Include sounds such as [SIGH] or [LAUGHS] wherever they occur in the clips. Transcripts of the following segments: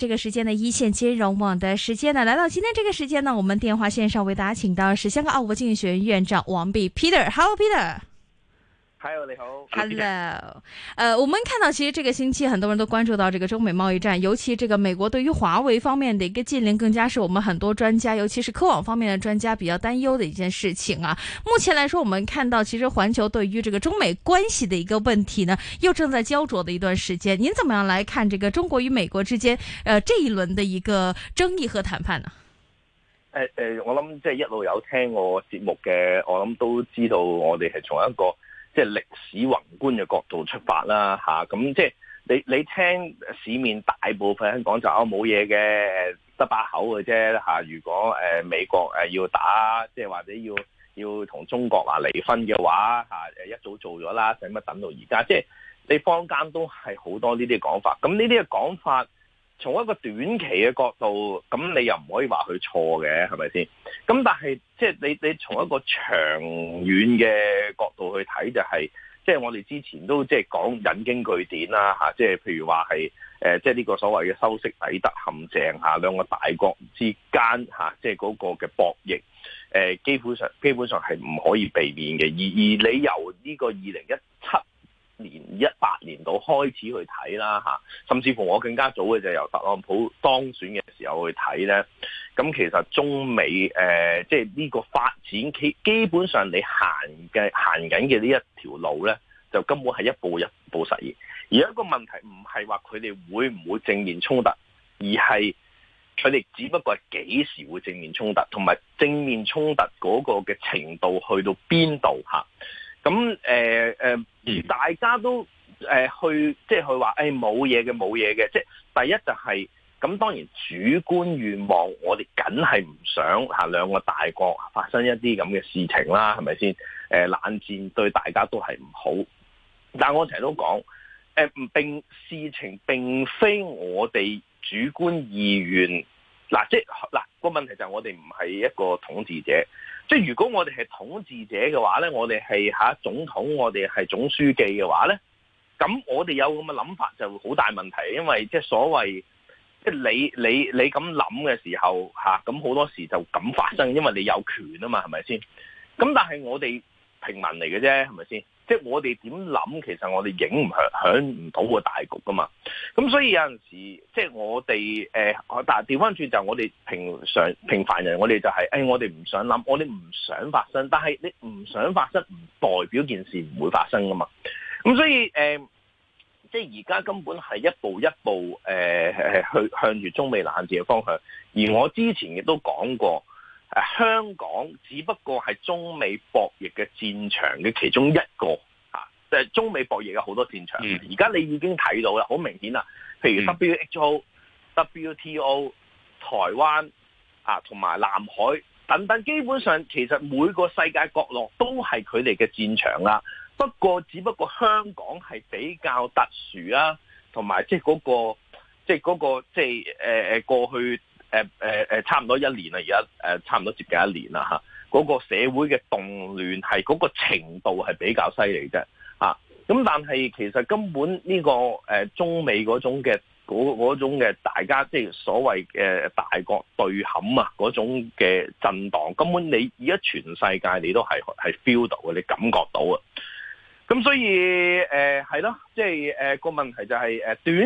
這個時間的一線金融網的時間呢，來到今天這個時間呢，我們電話線上為大家請到是香港奧國經濟學院院長王弼 Peter。Hello，Peter。Hello，你好。Hello，呃，我們看到其實這個星期，很多人都關注到這個中美貿易戰，尤其這個美國對於華為方面的一個禁令，更加是我們很多專家，尤其是科網方面的專家比較擔憂的一件事情啊。目前來說，我們看到其實環球對於這個中美關係的一個問題呢，又正在焦灼的一段時間。您怎麼樣來看這個中國與美國之間，呃，這一輪的一個爭議和談判呢？誒、欸欸、我諗即係一路有聽我節目嘅，我諗都知道我哋係從一個。即係歷史宏觀嘅角度出發啦，嚇，咁即係你你聽市面大部分人講，就哦，冇嘢嘅，得把口嘅啫嚇，如果誒美國誒要打即係或者要要同中國話離婚嘅話嚇，誒一早做咗啦，使乜等到而家？即係你坊間都係好多呢啲講法，咁呢啲嘅講法。從一個短期嘅角度，咁你又唔可以話佢錯嘅，係咪先？咁但係即係你你從一個長遠嘅角度去睇，就是，就係即係我哋之前都即係講引經據典啦、啊、嚇，即、啊、係、就是、譬如話係誒，即係呢個所謂嘅修昔底德陷阱嚇兩、啊、個大國之間嚇，即係嗰個嘅博弈誒，基本上基本上係唔可以避免嘅。而而你由呢個二零一七年一八年度開始去睇啦嚇，甚至乎我更加早嘅就由特朗普當選嘅時候去睇咧。咁其實中美誒，即係呢個發展基基本上你行嘅行緊嘅呢一條路咧，就根本係一步一步實現。而家一個問題唔係話佢哋會唔會正面衝突，而係佢哋只不過係幾時會正面衝突，同埋正面衝突嗰個嘅程度去到邊度嚇？咁誒誒，大家都誒去，即係去話，誒冇嘢嘅冇嘢嘅，即係第一就係、是、咁。當然主觀願望，我哋梗係唔想、啊、兩個大國發生一啲咁嘅事情啦，係咪先？誒、啊、冷戰對大家都係唔好。但係我成日都講，誒、啊、唔並事情並非我哋主觀意願。嗱、啊，即係嗱個問題就係我哋唔係一個統治者。即係如果我哋係統治者嘅話咧，我哋係吓總統，我哋係總書記嘅話咧，咁我哋有咁嘅諗法就好大問題，因為即係所謂即係你你你咁諗嘅時候吓，咁、啊、好多時就咁發生，因為你有權啊嘛，係咪先？咁但係我哋平民嚟嘅啫，係咪先？即係我哋點諗，其實我哋影唔響響唔到個大局㗎嘛。咁所以有陣時，即係我哋誒，但係掉返轉就我哋平常平凡人我、就是哎，我哋就係誒，我哋唔想諗，我哋唔想發生。但係你唔想發生，唔代表件事唔會發生㗎嘛。咁所以誒、呃，即係而家根本係一步一步誒、呃、去向住中美冷戰嘅方向。而我之前亦都講過。誒、啊、香港只不過係中美博弈嘅戰場嘅其中一個嚇，即、啊、係、就是、中美博弈嘅好多戰場。而、嗯、家你已經睇到啦，好明顯啦，譬如 W H O、嗯、W T O、台灣啊，同埋南海等等，基本上其實每個世界角落都係佢哋嘅戰場啦。不過只不過香港係比較特殊啊，同埋即係嗰個即係嗰個即係誒誒過去。誒誒差唔多一年啦，而家誒差唔多接近一年啦，吓，嗰個社會嘅動亂係嗰個程度係比較犀利啫。咁但係其實根本呢個誒中美嗰種嘅嗰種嘅大家即係所謂嘅大國對冚啊，嗰種嘅震盪，根本你而家全世界你都係 feel 到嘅，你感覺到啊！咁所以誒，係、呃、咯，即係誒，個、就是呃、問題就係、是、誒，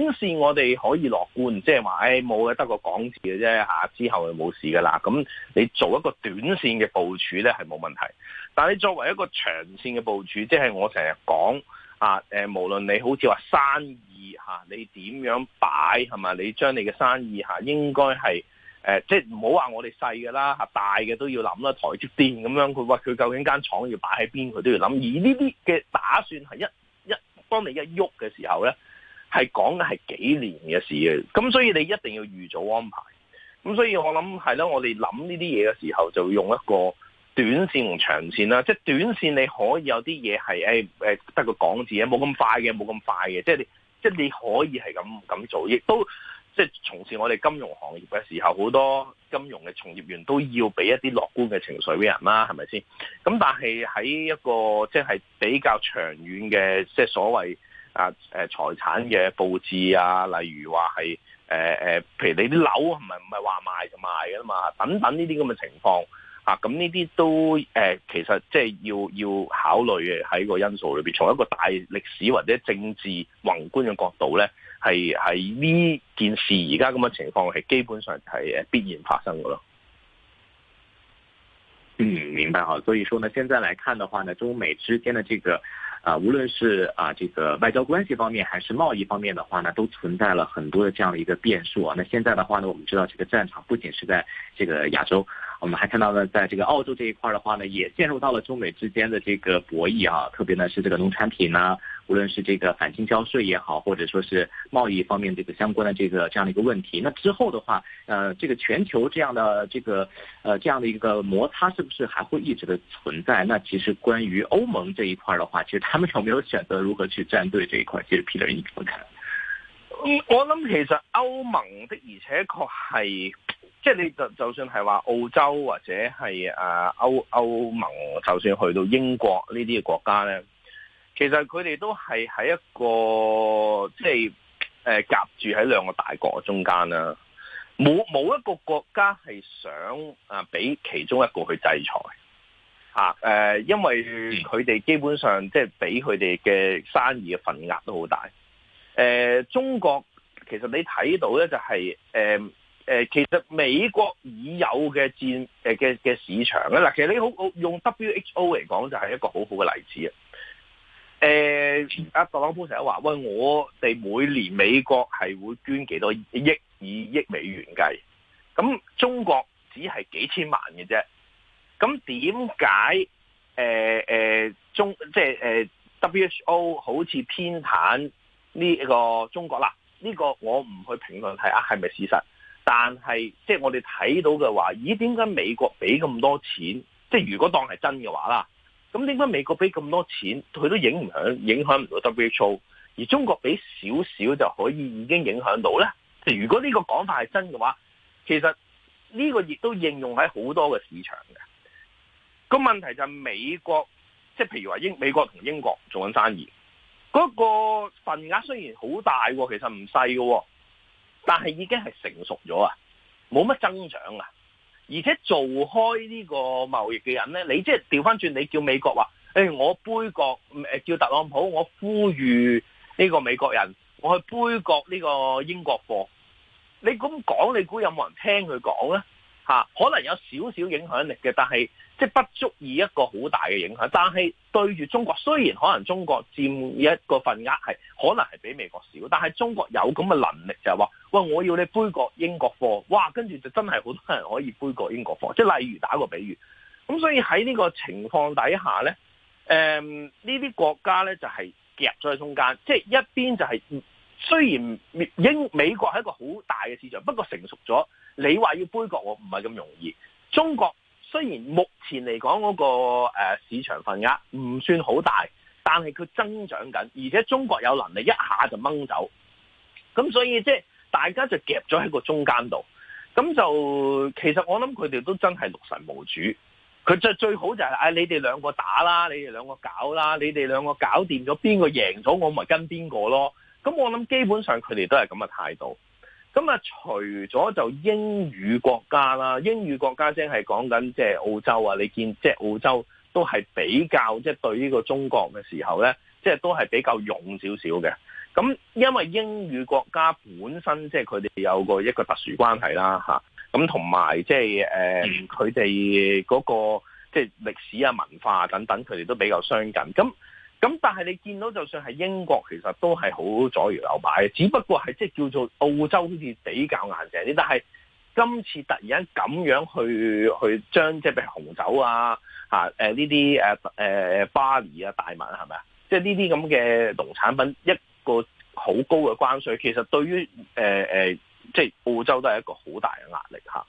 短線我哋可以樂觀，即係話，誒、哎，冇嘅，得個講字嘅啫吓，之後就冇事噶啦。咁你做一個短線嘅部署咧係冇問題，但係你作為一個長線嘅部署，即、就、係、是、我成日講，啊誒、呃，無論你好似話生意吓、啊，你點樣擺，係咪，你將你嘅生意吓、啊，應該係。誒、呃，即唔好話我哋細㗎啦，嚇大嘅都要諗啦，台積電咁樣，佢話佢究竟間廠要擺喺邊，佢都要諗。而呢啲嘅打算係一一當你一喐嘅時候咧，係講緊係幾年嘅事嘅。咁所以你一定要預早安排。咁所以我諗係囉，我哋諗呢啲嘢嘅時候，就用一個短線同長線啦。即短線你可以有啲嘢係誒得個講字啊，冇咁快嘅，冇咁快嘅。即你即你可以係咁咁做，亦都。即係從事我哋金融行業嘅時候，好多金融嘅從業員都要俾一啲樂觀嘅情緒俾人啦，係咪先？咁但係喺一個即係比較長遠嘅、啊，即係所謂啊誒財、啊、產嘅佈置啊，例如話係誒誒，譬、啊啊、如你啲樓係咪唔係話賣就賣嘅啦嘛？等等呢啲咁嘅情況啊，咁呢啲都誒、啊、其實即係要要考慮嘅喺個因素裏邊，從一個大歷史或者政治宏觀嘅角度咧。係係呢件事而家咁嘅情況，係基本上係必然發生嘅咯。嗯，明白哈，所以說呢，現在來看的話呢，中美之間的這個啊、呃，無論是啊、呃、這個外交關係方面，還是貿易方面的話呢，都存在了很多嘅這樣一個變數啊。那現在的話呢，我們知道這個戰場不僅是在這個亞洲，我們還看到呢，在這個澳洲這一塊的話呢，也陷入到了中美之間的這個博弈啊。特別呢，是這個農產品呢、啊。無論是這個反傾銷稅也好，或者說是貿易方面這個相關的這個這樣的一個問題，那之後的話，呃，這個全球這樣的這個呃這樣的一個摩擦是不是還會一直的存在？那其實關於歐盟這一塊的話，其實他們有沒有選擇如何去站隊這一塊？其實 Peter 你怎麼看？我諗其實歐盟的，而且確係，即係你就就算係話澳洲或者係啊歐歐盟，就算去到英國呢啲嘅國家咧。其實佢哋都係喺一個即係誒夾住喺兩個大國中間啦，冇冇一個國家係想啊俾其中一個去制裁吓誒、啊呃，因為佢哋基本上即係俾佢哋嘅生意嘅份額都好大誒、呃，中國其實你睇到咧就係誒誒，其實美國已有嘅戰誒嘅嘅市場咧嗱、啊，其實你好好用 WHO 嚟講就係一個很好好嘅例子啊。誒、呃，阿特朗普成日話，喂，我哋每年美國係會捐幾多億以億美元計，咁中國只係幾千萬嘅啫。咁點解？誒、呃、誒，中即係誒、呃、WHO 好似偏袒呢個中國啦？呢、這個我唔去評論睇下係咪事實，但係即係我哋睇到嘅話，咦？點解美國俾咁多錢？即係如果當係真嘅話啦。咁點解美國俾咁多錢，佢都影響影響唔到 WHO，而中國俾少少就可以已經影響到咧？如果呢個講法係真嘅話，其實呢個亦都應用喺好多嘅市場嘅。個問題就係美國，即係譬如話英美國同英國做緊生意，嗰、嗰個份額雖然好大，其實唔細嘅，但係已經係成熟咗啊，冇乜增長啊。而且做開呢個貿易嘅人呢，你即係調翻轉，你叫美國話，誒、哎，我杯葛叫特朗普，我呼籲呢個美國人，我去杯葛呢個英國貨，你咁講，你估有冇人聽佢講呢？吓，可能有少少影響力嘅，但係。即不足以一個好大嘅影響，但係對住中國，雖然可能中國占一個份額是，係可能係比美國少，但係中國有咁嘅能力，就係話：「喂，我要你杯葛英國貨，哇！跟住就真係好多人可以杯葛英國貨，即例如打個比喻，咁所以喺呢個情況底下咧，誒、呃，呢啲國家咧就係夾咗喺中間，即、就、係、是、一邊就係、係，雖然英美國係一個好大嘅市場，不過成熟咗，你話要杯葛我唔係咁容易，中國。雖然目前嚟講嗰個誒、呃、市場份額唔算好大，但係佢增長緊，而且中國有能力一下就掹走，咁所以即係大家就夾咗喺個中間度，咁就其實我諗佢哋都真係六神無主，佢最最好就係、是、啊、哎、你哋兩個打啦，你哋兩個搞啦，你哋兩個搞掂咗邊個贏咗，邊個贏我咪跟邊個咯，咁我諗基本上佢哋都係咁嘅態度。咁、嗯、啊，除咗就英語國家啦，英語國家先係講緊即係澳洲啊！你見即、就是、澳洲都係比較即係、就是、對呢個中國嘅時候咧，即、就、係、是、都係比較勇少少嘅。咁、嗯、因為英語國家本身即係佢哋有個一個特殊關係啦，吓咁同埋即係誒佢哋嗰個即係歷史啊、就是呃嗯那個就是、史文化等等，佢哋都比較相近。咁、嗯咁、嗯、但係你見到就算係英國，其實都係好左搖右擺，只不過係即係叫做澳洲好似比較硬淨啲。但係今次突然間咁樣去去將即係譬如紅酒啊呢啲、啊啊啊、巴黎啊大麥係咪啊？即係呢啲咁嘅農產品一個好高嘅關稅，其實對於、呃、即係澳洲都係一個好大嘅壓力嚇。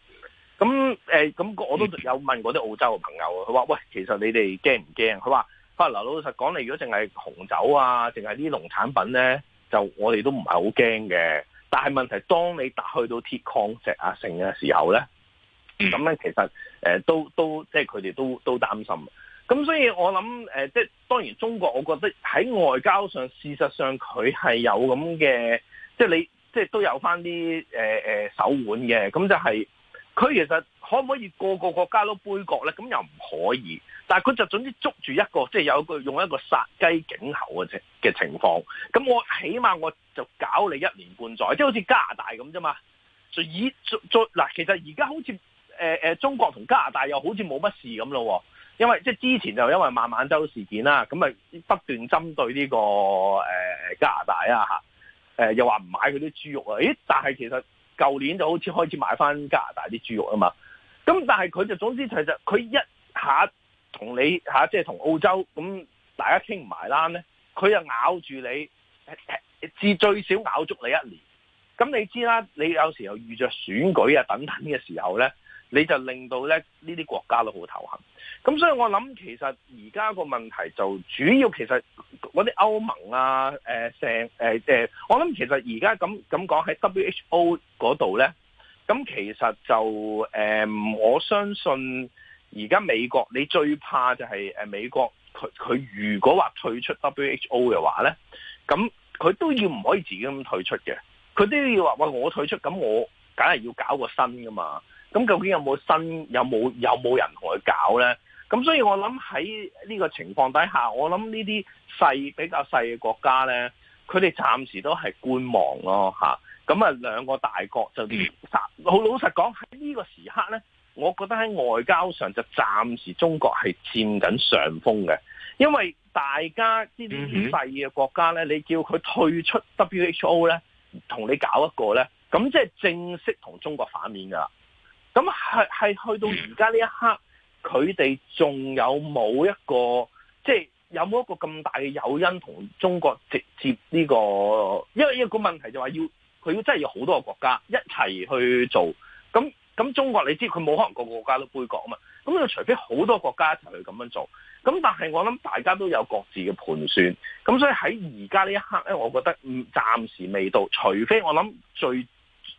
咁、啊、咁、呃、我都有問過啲澳洲嘅朋友，佢話喂，其實你哋驚唔驚？佢話。翻老老實講，你如果淨係紅酒啊，淨係啲農產品咧，就我哋都唔係好驚嘅。但係問題，當你打去到鐵礦石啊成嘅時候咧，咁咧其實誒、呃，都都即係佢哋都都擔心。咁所以我諗誒，即、呃、係當然中國，我覺得喺外交上，事實上佢係有咁嘅，即係你即係都有返啲誒誒手腕嘅。咁就係、是、佢其實可唔可以個個國家都杯葛咧？咁又唔可以。但係佢就總之捉住一個，即係有一個用一個殺雞儆猴嘅情嘅情況。咁我起碼我就搞你一年半載，即係好似加拿大咁啫嘛。就以嗱，其實而家好似中國同加拿大又好似冇乜事咁咯。因為即係之前就因為孟晚舟事件啦，咁咪不斷針對呢個誒加拿大啊嚇誒又話唔買佢啲豬肉啊，咦？但係其實舊年就好似開始買翻加拿大啲豬肉啊嘛。咁但係佢就總之其實佢一下。同你、啊、即係同澳洲咁，大家傾唔埋欄咧，佢又咬住你，至最少咬足你一年。咁你知啦，你有時候遇著選舉啊等等嘅時候咧，你就令到咧呢啲國家都好頭痕。咁所以我諗其實而家個問題就主要其實嗰啲歐盟啊，誒、呃、成、呃、我諗其實而家咁咁講喺 WHO 嗰度咧，咁其實就誒、呃、我相信。而家美國，你最怕就係誒美國佢佢如果話退出 WHO 嘅話咧，咁佢都要唔可以自己咁退出嘅，佢都要話喂我退出，咁我梗係要搞個新㗎嘛，咁究竟有冇新有冇有冇人同佢搞咧？咁所以我諗喺呢個情況底下，我諗呢啲細比較細嘅國家咧，佢哋暫時都係觀望咯吓，咁啊那兩個大國就連殺。好老實講喺呢個時刻咧。我覺得喺外交上就暫時中國係佔緊上風嘅，因為大家呢啲依勢嘅國家咧，你叫佢退出 WHO 咧，同你搞一個咧，咁即係正式同中國反面噶啦。咁係係去到而家呢一刻，佢哋仲有冇一個，即係有冇一個咁大嘅誘因同中國直接呢個？因為呢個問題就話要佢要真係要好多個國家一齊去做咁。咁中國你知佢冇可能個個國家都杯葛啊嘛，咁就除非好多國家一齊去咁樣做，咁但係我諗大家都有各自嘅盤算，咁所以喺而家呢一刻咧，我覺得暫時未到，除非我諗最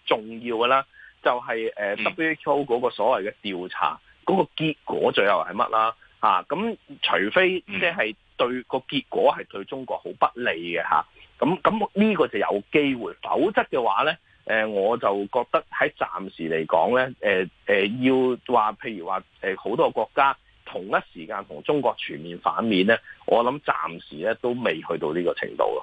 重要嘅啦，就係誒 WTO 嗰個所謂嘅調查嗰、嗯嗰個結果最後係乜啦，咁、啊、除非即係對個、嗯、結果係對中國好不利嘅咁咁呢個就有機會，否則嘅話咧。誒我就覺得喺暫時嚟講咧，誒誒要話譬如話誒好多國家同一時間同中國全面反面咧，我諗暫時咧都未去到呢個程度咯。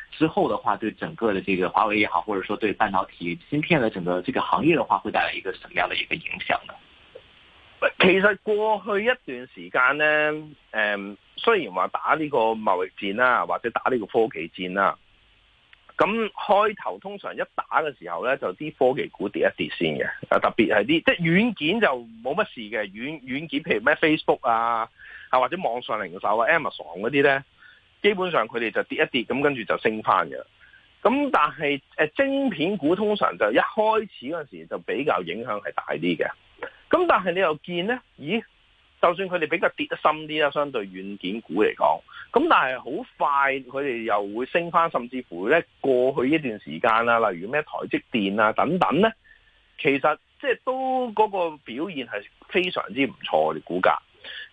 之後的話，對整個的這個華為也好，或者說對半導體芯片的整個這個行業的話，會帶來一個什麼樣的一個影響呢？其實過去一段時間呢誒、嗯，雖然話打呢個貿易戰啦、啊，或者打呢個科技戰啦、啊，咁開頭通常一打嘅時候呢就啲科技股跌一跌先嘅，特別係啲即係軟件就冇乜事嘅軟軟件，譬如咩 Facebook 啊，啊或者網上零售啊 Amazon 嗰啲呢基本上佢哋就跌一跌，咁跟住就升翻嘅。咁但係誒，晶片股通常就一開始嗰陣時就比較影響係大啲嘅。咁但係你又見呢，咦？就算佢哋比較跌得深啲啦，相對軟件股嚟講，咁但係好快佢哋又會升翻，甚至乎呢過去一段時間啦，例如咩台積電啊等等呢，其實即係都嗰個表現係非常之唔錯嘅股價。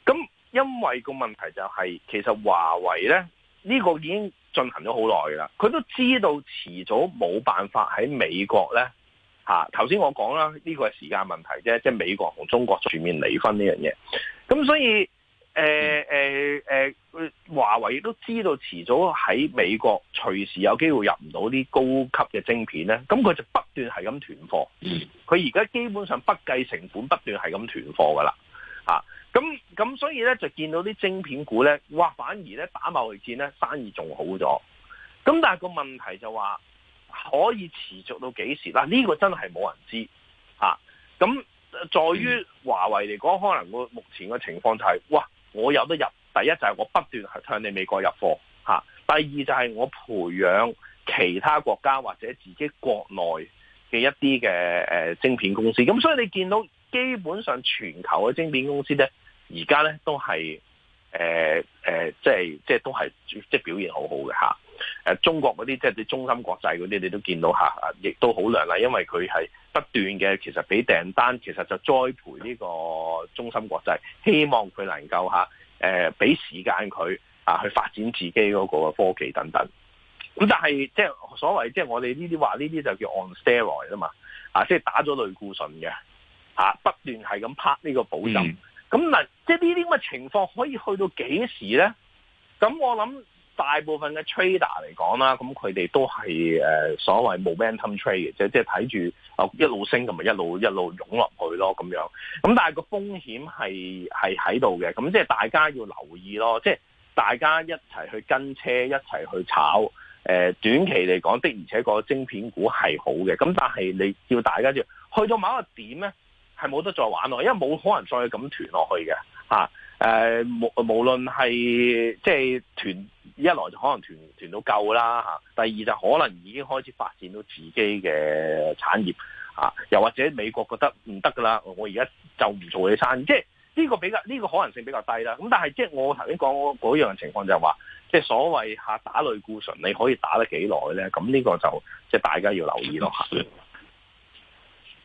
咁因爲個問題就係、是，其實華爲呢。呢、這個已經進行咗好耐啦，佢都知道遲早冇辦法喺美國咧嚇。頭、啊、先我講啦，呢、這個係時間問題啫，即係美國同中國全面離婚呢樣嘢。咁所以誒誒誒，華、呃呃呃、為亦都知道遲早喺美國隨時有機會入唔到啲高級嘅晶片咧。咁佢就不斷係咁囤貨，佢而家基本上不計成本不斷係咁囤貨噶啦嚇。啊咁咁所以咧就見到啲晶片股咧，哇！反而咧打貿易戰咧生意仲好咗。咁但係個問題就話可以持續到幾時？嗱，呢個真係冇人知吓。咁、啊、在於華為嚟講，可能個目前嘅情況就係、是、哇，我有得入。第一就係我不斷向你美國入貨、啊、第二就係我培養其他國家或者自己國內嘅一啲嘅誒晶片公司。咁所以你見到基本上全球嘅晶片公司咧。而家咧都係誒誒，即係即係都係即係表現好好嘅嚇。誒、啊、中國嗰啲即係啲中芯國際嗰啲，你都見到嚇，亦、啊、都好亮麗。因為佢係不斷嘅，其實俾訂單，其實就栽培呢個中芯國際，希望佢能夠嚇誒俾時間佢啊去發展自己嗰個科技等等。咁但係即係所謂即係我哋呢啲話，呢啲就叫 on steroid 啊嘛，啊即係打咗類固醇嘅嚇，不斷係咁拍呢個保障。嗯咁嗱，即係呢啲咁嘅情況可以去到幾時咧？咁我諗大部分嘅 trader 嚟講啦，咁佢哋都係所謂 momentum trade 嘅，即係即係睇住一路升咁咪一路一路湧落去咯咁樣。咁但係個風險係係喺度嘅，咁即係大家要留意咯。即係大家一齊去跟車，一齊去炒。誒、呃、短期嚟講的，而且個晶片股係好嘅。咁但係你要大家去到某一個點咧。係冇得再玩咯，因為冇可能再咁囤落去嘅。吓、啊，誒、呃、無無論係即係囤一來就可能囤囤到夠啦，吓、啊，第二就是可能已經開始發展到自己嘅產業，吓、啊，又或者美國覺得唔得噶啦，我而家就唔做你生意，即係呢個比較呢、這個可能性比較低啦。咁但係即係我頭先講嗰樣情況就係話，即、就、係、是、所謂吓打類固醇你可以打得幾耐咧，咁呢個就即係、就是、大家要留意咯，吓。 [LAUGHS]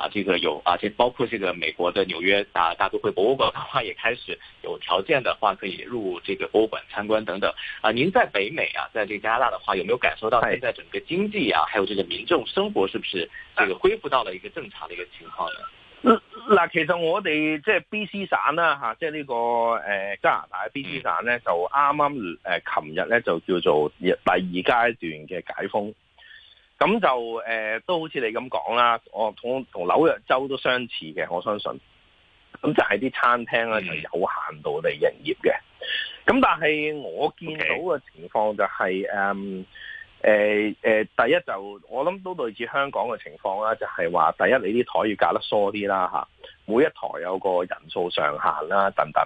啊，這個有啊，這包括這個美國的紐約大大都會博物館，的話也開始有條件的話，可以入這個博物館參觀等等。啊，您在北美啊，在這個加拿大的話，有沒有感受到現在整個經濟啊，還有這個民眾生活是不是這個恢復到了一個正常的一個情況呢？嗱、嗯，其實我哋即係 B C 省呢、啊，吓、就是這個，即係呢個誒加拿大 B C 省呢，就啱啱誒琴日呢，呃、就叫做第二階段嘅解封。咁就誒、呃，都好似你咁講啦，我同同紐約州都相似嘅，我相信。咁就係啲餐廳咧、嗯，就有限度嚟營業嘅。咁但係我見到嘅情況就係、是 Okay. 嗯呃呃、第一就我諗都類似香港嘅情況啦，就係、係、話第一你啲台要搞得疏啲啦嚇，每一台有個人數上限啦等等，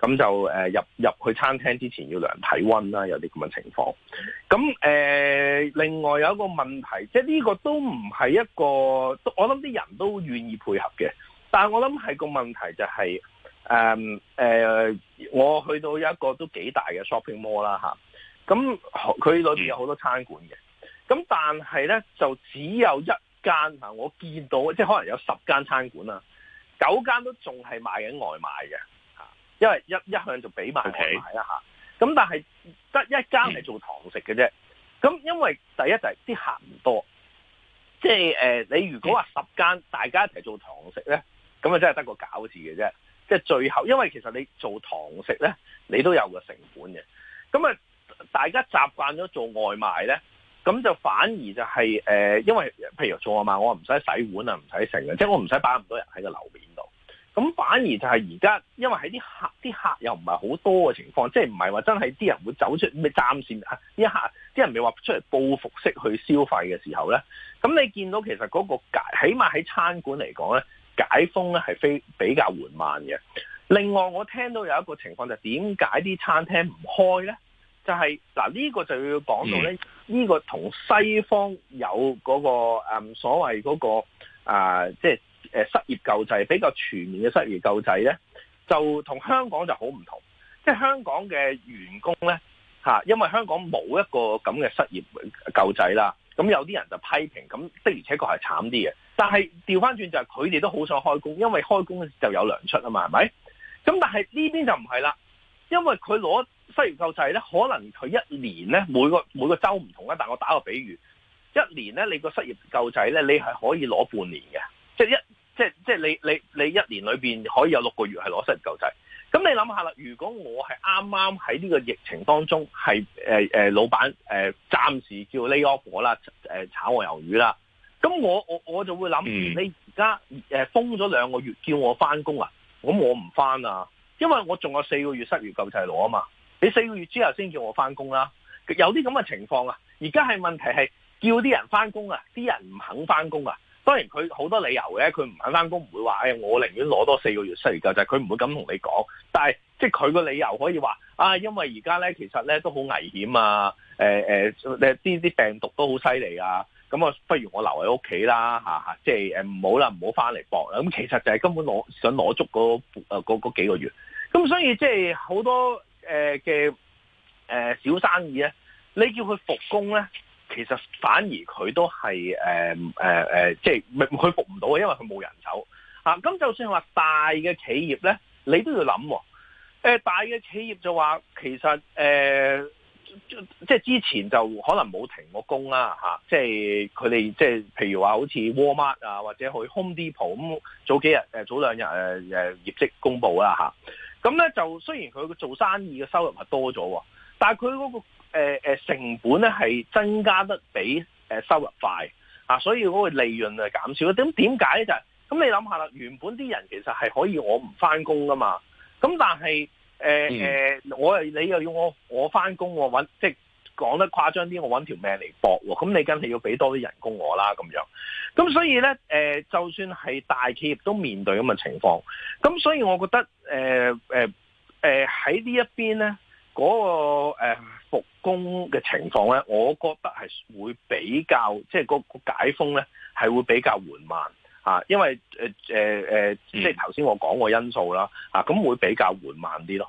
咁就、呃、入入去餐廳之前要量體温啦，有啲咁嘅情況。咁、呃、另外有一個問題，即係呢個都唔係一個，我諗啲人都願意配合嘅，但係我諗係個問題就係、係呃呃、我去到一個都幾大嘅 shopping mall 啦、啊咁佢裏面有好多餐館嘅，咁、嗯、但係咧就只有一間，我見到即係可能有十間餐館啦，九間都仲係賣緊外賣嘅，因為一一向就俾賣外賣啦咁、okay. 但係得一間係做堂食嘅啫。咁、嗯、因為第一就係、是、啲客唔多，即係誒、呃、你如果話十間大家一齊做堂食咧，咁啊真係得個搞字嘅啫。即係最後，因為其實你做堂食咧，你都有個成本嘅，咁啊。大家習慣咗做外賣咧，咁就反而就係誒，因為譬如做外賣，我唔使洗碗啊，唔使成嘅，即係我唔使擺咁多人喺個樓面度。咁反而就係而家，因為喺啲客，啲客又唔係好多嘅情況，即係唔係話真係啲人會走出咩暫時啲客，啲人未話出嚟報復式去消費嘅時候咧，咁你見到其實嗰個解，起碼喺餐館嚟講咧，解封咧係非比較緩慢嘅。另外，我聽到有一個情況就係點解啲餐廳唔開咧？就係嗱，呢個就要講到咧，呢個同西方有嗰個誒所謂嗰個誒，即係誒失業救濟比較全面嘅失業救濟咧，就同香港就好唔同。即係香港嘅員工咧吓因為香港冇一個咁嘅失業救濟啦，咁有啲人就批評，咁的而且確係慘啲嘅。但係調翻轉就係佢哋都好想開工，因為開工就有糧出啊嘛，係咪？咁但係呢邊就唔係啦。因為佢攞失業救濟咧，可能佢一年咧每個每個週唔同啊。但係我打個比喻，一年咧你個失業救濟咧，你係可以攞半年嘅，即係一即係即係你你你一年裏面可以有六個月係攞失業救濟。咁你諗下啦，如果我係啱啱喺呢個疫情當中係、呃呃、老闆誒，暫、呃、時叫 lay off 我啦誒、呃、炒我魷魚啦，咁我我我就會諗、嗯、你而家、呃、封咗兩個月叫我翻工啊，咁我唔翻啊。因為我仲有四個月失業救濟攞啊嘛，你四個月之後先叫我翻工啦。有啲咁嘅情況啊，而家係問題係叫啲人翻工啊，啲人唔肯翻工啊。當然佢好多理由嘅，佢唔肯翻工唔會話，誒我寧願攞多四個月失業救濟，佢唔會咁同你講。但係即係佢個理由可以話啊，因為而家咧其實咧都好危險啊，誒呢啲病毒都好犀利啊，咁啊不如我留喺屋企啦嚇嚇，即係唔好啦唔好翻嚟搏啦。咁、啊啊、其實就係根本攞想攞足嗰誒嗰嗰幾個月。咁所以即係好多誒嘅誒小生意咧，你叫佢復工咧，其實反而佢都係誒誒誒，即係佢復唔到嘅，因為佢冇人手吓。咁、啊、就算話大嘅企業咧，你都要諗誒、哦呃，大嘅企業就話其實誒、呃，即係之前就可能冇停過工啦吓、啊，即係佢哋即係譬如話好似 Walmart 啊，或者去 Home Depot 咁，早幾日誒，早兩日誒誒，業績公布啦吓。啊咁咧就雖然佢個做生意嘅收入係多咗，但係佢嗰個誒誒成本咧係增加得比、呃、收入快啊，所以嗰個利潤就減少。咁點解咧？就係、是、咁你諗下啦，原本啲人其實係可以我唔翻工噶嘛，咁但係誒、呃嗯呃、我你又要我我翻工我揾即係講得誇張啲，我揾條命嚟搏喎，咁你梗係要俾多啲人工我啦咁樣。咁所以咧，誒，就算係大企業都面對咁嘅情況，咁所以我覺得，誒，誒，誒，喺呢一邊咧，嗰個誒復工嘅情況咧，我覺得係會比較，即係嗰個解封咧，係會比較緩慢啊，因為誒誒誒，即係頭先我講個因素啦，啊，咁會比較緩慢啲咯。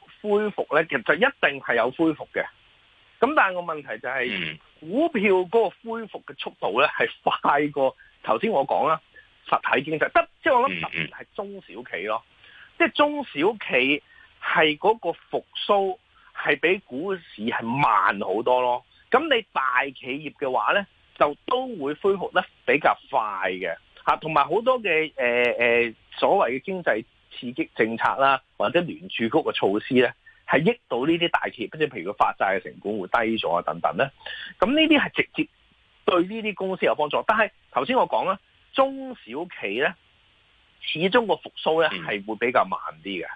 恢復咧，其實就一定係有恢復嘅。咁但係個問題就係、是嗯，股票嗰個恢復嘅速度咧係快過頭先我講啦，實體經濟得，即係我諗實體係中小企咯。即係中小企係嗰個復甦係比股市係慢好多咯。咁你大企業嘅話咧，就都會恢復得比較快嘅嚇。同埋好多嘅誒誒所謂嘅經濟。刺激政策啦，或者聯儲局嘅措施咧，係益到呢啲大企業，跟住譬如佢發債嘅成本會低咗啊，等等咧。咁呢啲係直接對呢啲公司有幫助。但係頭先我講啦，中小企咧，始終個復甦咧係會比較慢啲嘅。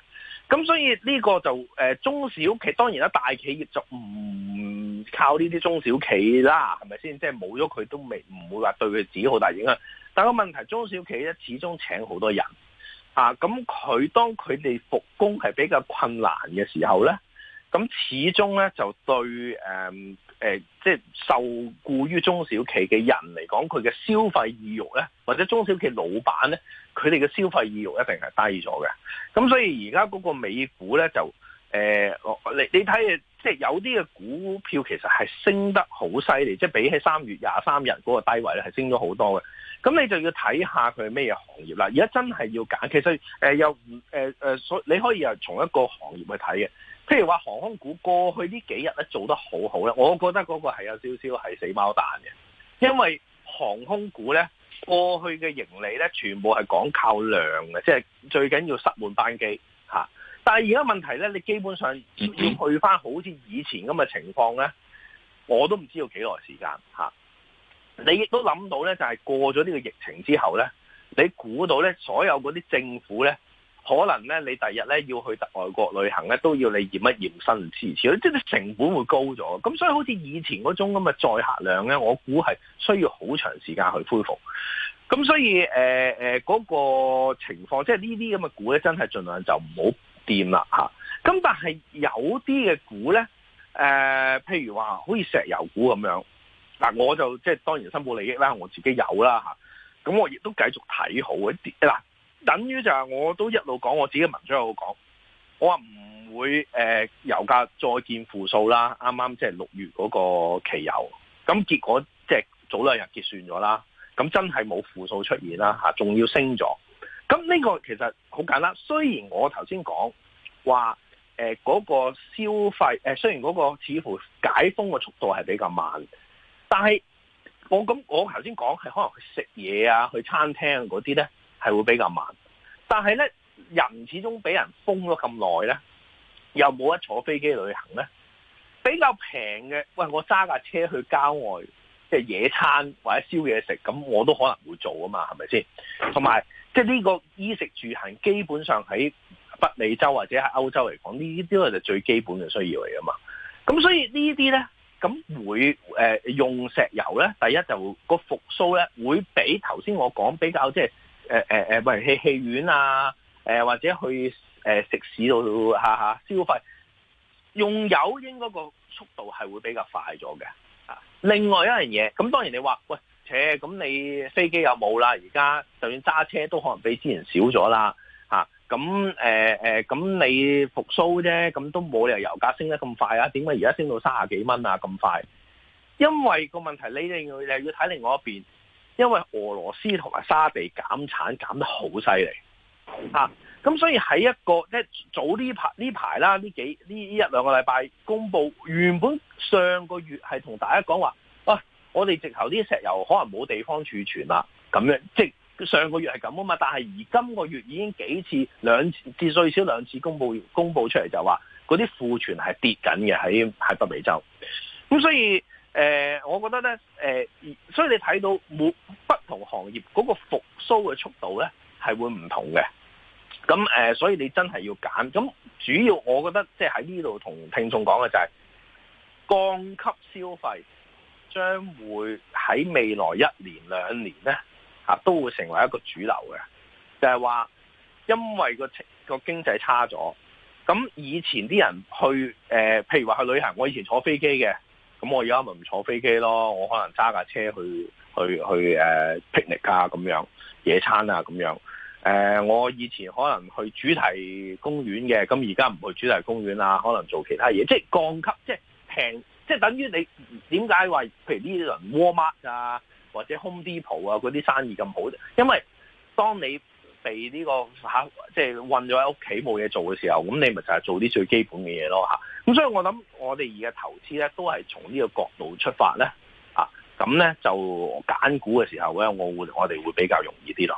咁、嗯、所以呢個就誒中小企當然啦，大企業就唔靠呢啲中小企啦，係咪先？即係冇咗佢都未唔會話對佢自己好大影響。但個問題是中小企咧始終請好多人。啊，咁佢當佢哋復工係比較困難嘅時候咧，咁始終咧就對誒、呃呃、即係受雇於中小企嘅人嚟講，佢嘅消費意欲咧，或者中小企老闆咧，佢哋嘅消費意欲一定係低咗嘅。咁所以而家嗰個美股咧就誒、呃，你你睇啊，即係有啲嘅股票其實係升得好犀利，即係比起三月廿三日嗰個低位咧係升咗好多嘅。咁你就要睇下佢咩行業啦。而家真係要揀，其實誒又唔誒誒所，你可以又從一個行業去睇嘅。譬如話航空股過去呢幾日咧做得好好咧，我覺得嗰個係有少少係死貓彈嘅，因為航空股咧過去嘅盈利咧全部係講靠量嘅，即係最緊要塞滿班機、啊、但係而家問題咧，你基本上要去翻好似以前咁嘅情況咧，我都唔知道幾耐時間吓你亦都諗到咧，就係過咗呢個疫情之後咧，你估到咧，所有嗰啲政府咧，可能咧，你第日咧要去外國旅行咧，都要你驗一驗身知唔知？即係成本會高咗。咁所以好似以前嗰種咁嘅載客量咧，我估係需要好長時間去恢復。咁所以誒嗰、呃呃嗰個情況，即係呢啲咁嘅股咧，真係儘量就唔好掂啦嚇。咁但係有啲嘅股咧，誒、呃、譬如話好似石油股咁樣。嗱，我就即係當然申報利益啦，我自己有啦嚇，咁我亦都繼續睇好一啲嗱，等於就係我都一路講我自己文章有講，我話唔會誒、呃、油價再見負數啦，啱啱即係六月嗰個期油，咁結果即係、就是、早兩日結算咗啦，咁真係冇負數出現啦嚇，仲要升咗，咁呢個其實好簡單，雖然我頭先講話誒嗰個消費誒、呃，雖然嗰個似乎解封嘅速度係比較慢。但係我咁，我頭先講係可能去食嘢啊，去餐廳嗰啲咧係會比較慢的。但係咧，人始終俾人封咗咁耐咧，又冇得坐飛機旅行咧，比較平嘅，喂、哎，我揸架車去郊外即係野餐或者燒嘢食，咁我都可能會做啊嘛，係咪先？同埋即係呢個衣食住行，基本上喺北美洲或者喺歐洲嚟講，呢啲都係最最基本嘅需要嚟㗎嘛。咁所以這些呢啲咧。咁會誒、呃、用石油咧，第一就個復甦咧，會比頭先我講比較即係誒誒誒，譬如戲院啊、呃，或者去誒、呃、食肆度下下消費，用油應該個速度係會比較快咗嘅。啊，另外一樣嘢，咁當然你話喂，扯、呃」，咁你飛機又冇啦，而家就算揸車都可能比之前少咗啦。咁誒咁你復甦啫，咁都冇理由油價升得咁快啊？點解而家升到三十幾蚊啊？咁快？因為個問題，你哋要睇另外一邊，因為俄羅斯同埋沙地減產減得好犀利啊！咁所以喺一個即係早呢排呢排啦，呢幾呢一兩個禮拜公佈，原本上個月係同大家講話，喂、啊，我哋直頭啲石油可能冇地方儲存啦、啊，咁樣即上個月係咁啊嘛，但係而今個月已經幾次兩次，至少兩次公佈公佈出嚟就話嗰啲庫存係跌緊嘅喺喺北美洲。咁所以誒、呃，我覺得咧誒、呃，所以你睇到冇不同行業嗰個復甦嘅速度咧，係會唔同嘅。咁誒、呃，所以你真係要揀。咁主要我覺得即係喺呢度同聽眾講嘅就係、是，降級消費將會喺未來一年兩年咧。啊，都會成為一個主流嘅，就係話因為、個個經濟差咗，咁以前啲人去、呃、譬如話去旅行，我以前坐飛機嘅，咁我而家咪唔坐飛機咯，我可能揸架車去去去、呃、picnic 啊，咁樣野餐啊，咁樣、呃、我以前可能去主題公園嘅，咁而家唔去主題公園啦，可能做其他嘢，即係降級，即係平，即係等於你點解話譬如呢啲人 warm up 啊？或者 Home Depot 啊，嗰啲生意咁好，因為當你被呢個吓，即係韫咗喺屋企冇嘢做嘅時候，咁你咪就係做啲最基本嘅嘢咯吓，咁所以我諗我哋而家投資咧，都係從呢個角度出發咧啊。咁咧就揀股嘅時候咧，我會我哋會比較容易啲咯。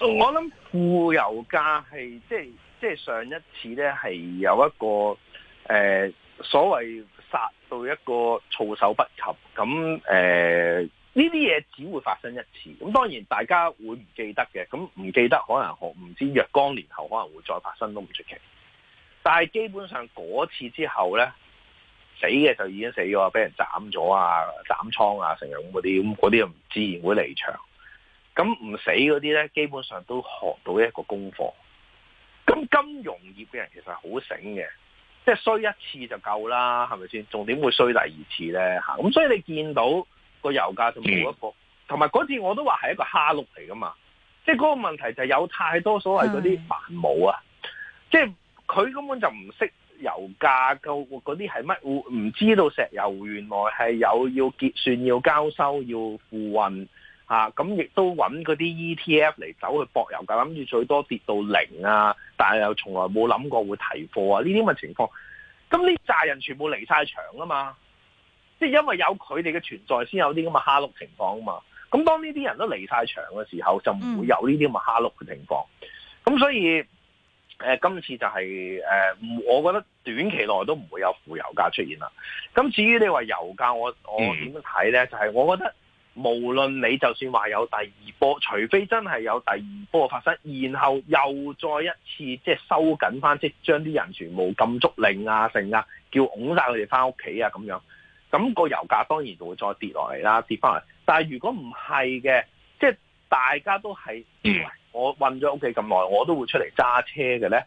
我諗負油價係即係即係上一次咧係有一個誒、呃、所謂殺到一個措手不及咁，誒呢啲嘢只會發生一次咁，當然大家會唔記得嘅，咁唔記得可能我唔知若干年後可能會再發生都唔出奇，但係基本上嗰次之後咧死嘅就已經死咗，俾人斬咗啊，斬倉啊，成日咁嗰啲咁嗰啲唔自然會離場。咁唔死嗰啲咧，基本上都學到一個功課。咁金融業嘅人其實好醒嘅，即係衰一次就夠啦，係咪先？仲點會衰第二次咧嚇。咁所以你見到個油價就冇一個，同埋嗰次我都話係一個蝦碌嚟噶嘛。即係嗰個問題就係有太多所謂嗰啲繁務啊，即係佢根本就唔識油價夠嗰啲係乜，唔知道石油原來係有要結算、要交收、要付運。啊，咁亦都揾嗰啲 ETF 嚟走去搏油價，諗住最多跌到零啊，但係又從來冇諗過會提貨啊！呢啲咁嘅情況，咁呢扎人全部離曬場啊嘛，即係因為有佢哋嘅存在先有啲咁嘅蝦碌情況啊嘛。咁當呢啲人都離曬場嘅時候，就唔會有呢啲咁嘅蝦碌嘅情況。咁、嗯、所以，誒、呃、今次就係、是、誒、呃，我覺得短期內都唔會有負油價出現啦。咁至於你話油價，我我點樣睇咧？就係、是、我覺得。無論你就算話有第二波，除非真係有第二波發生，然後又再一次即係收緊翻，即係將啲人全部禁足令啊、成啊，叫拱晒佢哋翻屋企啊咁樣，咁個油價當然就會再跌落嚟啦，跌翻嚟。但係如果唔係嘅，即係大家都係、嗯、我困咗屋企咁耐，我都會出嚟揸車嘅咧。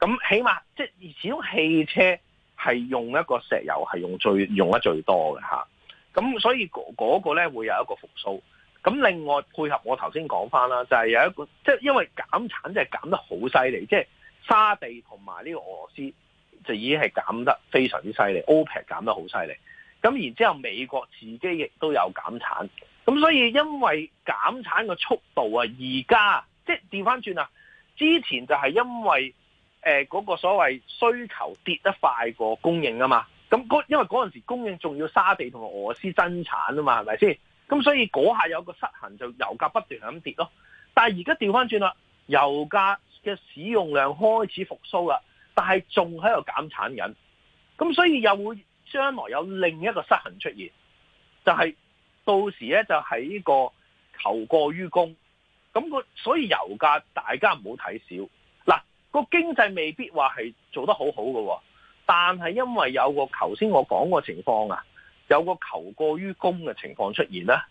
咁起碼即係而始終汽車係用一個石油係用最用得最多嘅吓。咁所以嗰個咧會有一個復甦。咁另外配合我頭先講翻啦，就係有一個，即係因為減產即係減得好犀利，即係沙地同埋呢個俄羅斯就已經係減得非常之犀利，OPEC 減得好犀利。咁然之後美國自己亦都有減產。咁所以因為減產嘅速度啊，而家即係調翻轉啊，之前就係因為誒嗰個所謂需求跌得快過供應啊嘛。咁因為嗰陣時供應仲要沙地同俄羅斯增產啊嘛，係咪先？咁所以嗰下有個失衡，就油價不斷咁跌咯。但係而家調翻轉啦，油價嘅使用量開始復甦啦，但係仲喺度減產緊。咁所以又會將來有另一個失衡出現，就係到時咧就係呢個求過於供。咁個所以油價大家唔好睇少，嗱，個經濟未必話係做得好好㗎喎。但係因為有個頭先我講個情況啊，有個求過於供嘅情況出現啦。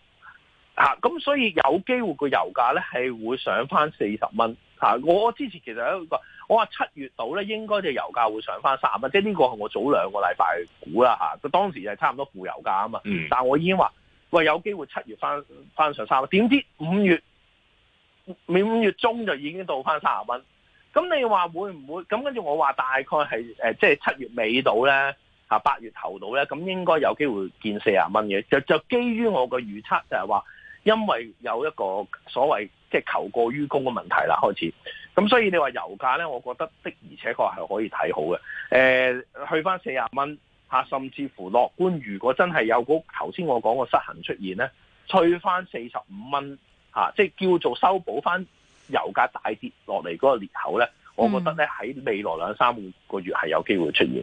啊，咁所以有機會個油價咧係會上翻四十蚊，啊，我之前其實有一個我話七月度咧應該就油價會上翻三十蚊，即係呢個係我早兩個禮拜估啦，吓、啊，佢當時係差唔多負油價啊嘛，嗯、但係我已經話喂，有機會七月翻翻上三十，點知五月五月中就已經到翻三十蚊。咁你話會唔會咁，跟住我話大概係誒，即係七月尾到咧，吓八月頭到咧，咁應該有機會見四十蚊嘅。就就基於我個預測就係話，因為有一個所謂即係求過於供嘅問題啦，開始。咁所以你話油價咧，我覺得的而且確係可以睇好嘅。誒，去翻四十蚊吓，甚至乎樂觀，如果真係有個頭先我講個失衡出現咧，退翻四十五蚊吓，即係叫做修補翻。油價大跌落嚟嗰個裂口咧，我覺得咧，喺未來兩三個月係有機會出現。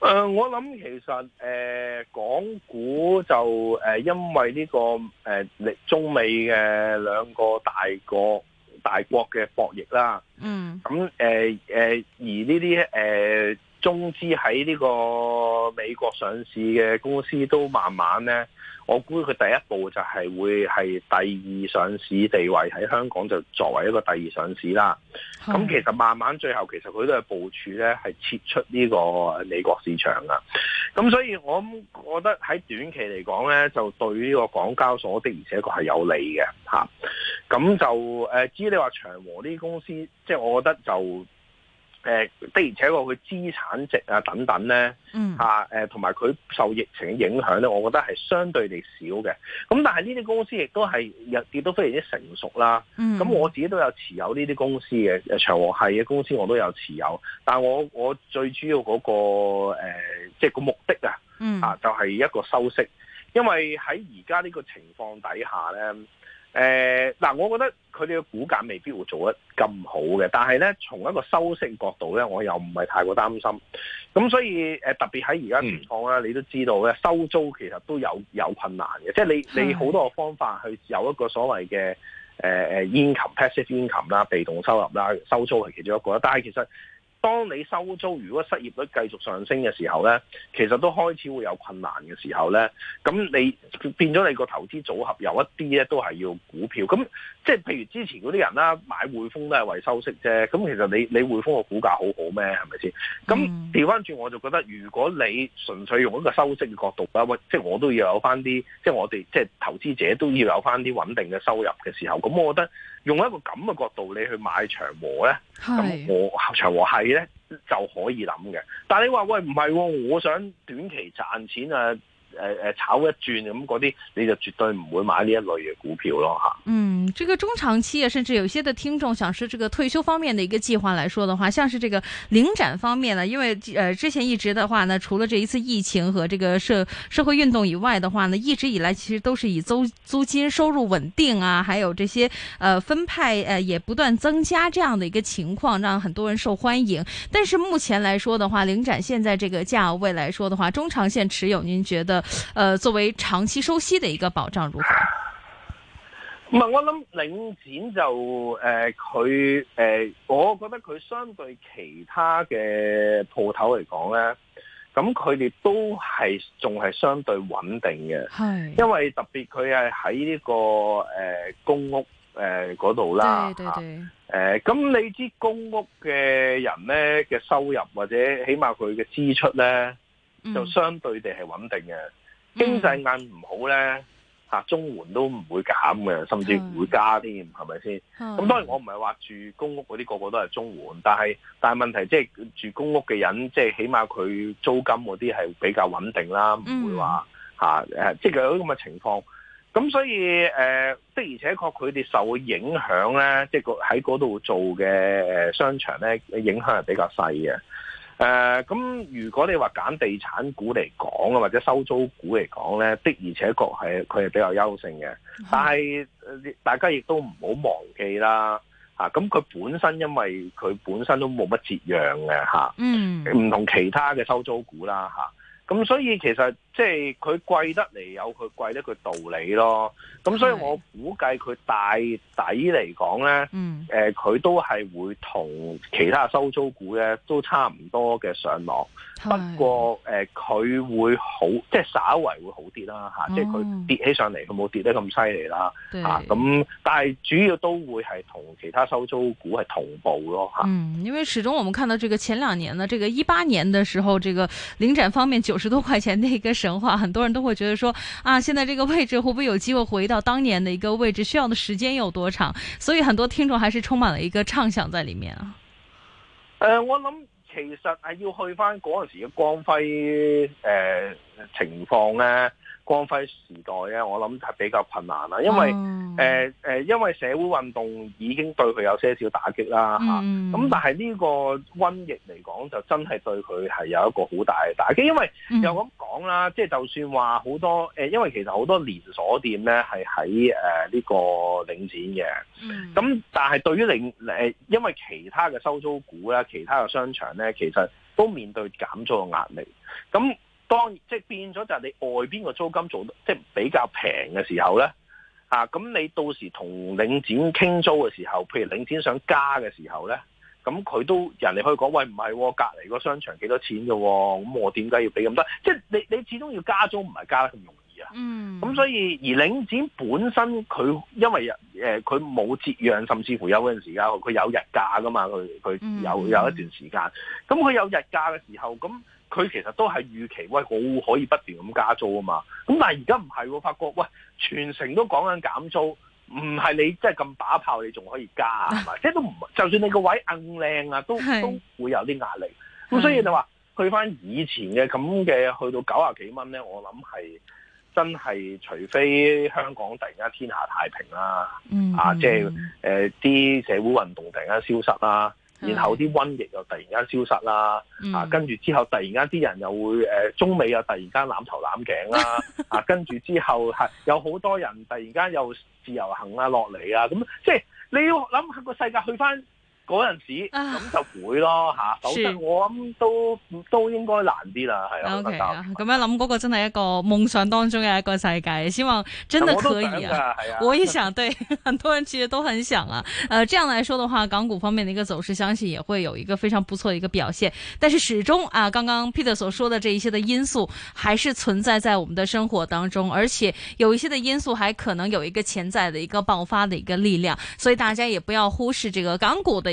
誒、呃，我諗其實誒、呃，港股就誒、呃，因為呢、這個誒、呃，中美嘅兩個大國大國嘅博弈啦，嗯，咁誒誒，而呢啲誒中資喺呢個美國上市嘅公司都慢慢咧。我估佢第一步就係會係第二上市地位喺香港就作為一個第二上市啦。咁其實慢慢最後其實佢都係部署咧，係撤出呢個美國市場噶。咁所以我覺得喺短期嚟講咧，就對於呢個港交所的而且確係有利嘅嚇。咁就誒、啊，至於你話長和呢啲公司，即係我覺得就。誒的而且確佢資產值啊等等咧，嚇誒同埋佢受疫情嘅影響咧，我覺得係相對地少嘅。咁但係呢啲公司亦都係亦亦都非常之成熟啦。咁、嗯、我自己都有持有呢啲公司嘅長和系嘅公司我都有持有，但係我我最主要嗰、嗰個即係、呃就係、個目的啊，啊、嗯、就係、是、一個收息，因為喺而家呢個情況底下咧。誒、呃、嗱，我覺得佢哋嘅股價未必會做得咁好嘅，但係咧從一個收息角度咧，我又唔係太過擔心。咁所以誒、呃、特別喺而家情況啦、嗯，你都知道咧收租其實都有有困難嘅，即係你你好多個方法去有一個所謂嘅誒誒 income passive income 啦，呃嗯、income, income，被動收入啦，收租係其中一個啦，但係其實，當你收租，如果失業率繼續上升嘅時候咧，其實都開始會有困難嘅時候咧，咁你變咗你個投資組合有一啲咧都係要股票，咁即係譬如之前嗰啲人啦買匯豐都係為收息啫，咁其實你你匯豐個股價好好咩？係咪先？咁調翻轉我就覺得，如果你純粹用一個收息嘅角度啦，即係我都要有翻啲，即係我哋即係投資者都要有翻啲穩定嘅收入嘅時候，咁我覺得用一個咁嘅角度你去買長和咧，咁我是長和係。是的就可以諗嘅，但係你話：“喂，唔係喎，我想短期賺錢啊！呃呃，炒一轉咁嗰啲，你就絕對唔會買呢一類嘅股票咯吓。嗯，這個中長期啊，甚至有些的聽眾想是這個退休方面的一個計劃來說的話，像是這個領展方面呢，因為呃之前一直的話呢，除了這一次疫情和這個社社會運動以外的話呢，一直以來其實都是以租租金收入穩定啊，還有這些呃分派呃也不斷增加這樣的一個情況，讓很多人受歡迎。但是目前來說的話，領展現在這個價位來說的話，中長線持有，您覺得？誒、呃，作為長期收息的一個保障如何？唔、呃、係，我諗領展就誒，佢、呃、誒、呃，我覺得佢相對其他嘅鋪頭嚟講咧，咁佢哋都係仲係相對穩定嘅。係，因為特別佢係喺呢個誒、呃、公屋誒嗰度啦，吓誒。咁、呃、你知公屋嘅人咧嘅收入或者起碼佢嘅支出咧？就相對地係穩定嘅、嗯，經濟硬唔好咧、嗯啊，中緩都唔會減嘅、嗯，甚至唔會加添，係咪先？咁、嗯、當然我唔係話住公屋嗰啲個，個個都係中緩，但係但係問題即、就、係、是、住公屋嘅人，即、就、係、是、起碼佢租金嗰啲係比較穩定啦，唔、嗯、會話即係有咁嘅情況。咁所以即、呃、的而且確佢哋受影響咧，即係喺嗰度做嘅商場咧，影響係比較細嘅。誒、呃，咁如果你話揀地產股嚟講啊，或者收租股嚟講咧，的而且確係佢係比較優勝嘅。但係大家亦都唔好忘記啦，吓、啊，咁佢本身因為佢本身都冇乜折讓嘅吓、啊，嗯，唔同其他嘅收租股啦吓，咁、啊、所以其實。即係佢貴得嚟有佢貴得個道理咯，咁所以我估計佢大抵嚟講咧，誒佢、嗯呃、都係會同其他收租股咧都差唔多嘅上落，不過誒佢、呃、會好即係稍為會好啲啦吓、哦，即係佢跌起上嚟佢冇跌得咁犀利啦吓，咁、啊、但係主要都會係同其他收租股係同步咯吓。嗯，因為始終我們看到這個前兩年呢，這個一八年嘅時候，這個領展方面九十多塊錢一個。神話，很多人都會覺得說，啊，現在這個位置會不會有機會回到當年的一個位置？需要的時間有多長？所以很多聽眾還是充滿了一個暢想在裏面啊。誒、呃，我諗其實係要去翻嗰陣時嘅光輝誒、呃、情況咧、啊，光輝時代咧、啊，我諗係比較困難啦、啊。因為誒誒、啊呃，因為社會運動已經對佢有些少打擊啦吓。咁、嗯啊、但係呢個瘟疫嚟講，就真係對佢係有一個好大嘅打擊，因為有咁、嗯。講啦，即係就算話好多，誒，因為其實好多連鎖店咧，係喺誒呢個領展嘅，咁、嗯、但係對於領誒，因為其他嘅收租股咧，其他嘅商場咧，其實都面對減租嘅壓力。咁當即係變咗，就係你外邊個租金做得即係比較平嘅時候咧，啊，咁你到時同領展傾租嘅時候，譬如領展想加嘅時候咧。咁佢都人哋可以講喂，唔係，隔離個商場幾多錢嘅，啊，咁我點解要俾咁多？即係你你始終要加租，唔係加得咁容易啊。嗯。咁所以而領展本身佢因為誒佢冇折讓，甚至乎有嗰陣時間佢有日價噶嘛，佢佢有有一段時間。咁、嗯、佢、嗯、有日價嘅時候，咁佢其實都係預期喂，好可以不斷咁加租啊嘛。咁但係而家唔係，發覺喂，全城都講緊減租。唔係你真係咁把炮，你仲可以加 [LAUGHS] 即係都唔，就算你個位硬靚啊，都 [LAUGHS] 都會有啲壓力。咁 [LAUGHS] 所以你話去翻以前嘅咁嘅，去到九啊幾蚊咧，我諗係真係除非香港突然間天下太平啦， [LAUGHS] 啊，即係誒啲社會運動突然間消失啦。然後啲瘟疫又突然間消失啦，嗯，啊，跟住之後突然間啲人又會誒、呃，中美又突然間攬頭攬頸啦， [LAUGHS] 啊，跟住之後係有好多人突然間又自由行啊落嚟啊，咁即係你要諗下，呢個世界去返。嗰陣時咁就會咯嚇，否、啊、則、啊、我諗都都應該難啲啦。係啊，O K 啊，咁、okay, 嗯、樣諗嗰個真係一個夢想當中嘅一個世界，希望真的可以啊！我也想、啊、我想，對，很多人其實都很想啊。誒、啊，這樣來說的話，港股方面嘅一個走勢，相信也會有一個非常不錯嘅一個表現。但是始終啊，剛剛 Peter 所說的這一些的因素，還是存在在我們的生活當中，而且有一些的因素，還可能有一個潛在嘅一個爆發嘅一個力量。所以大家也不要忽視這個港股嘅，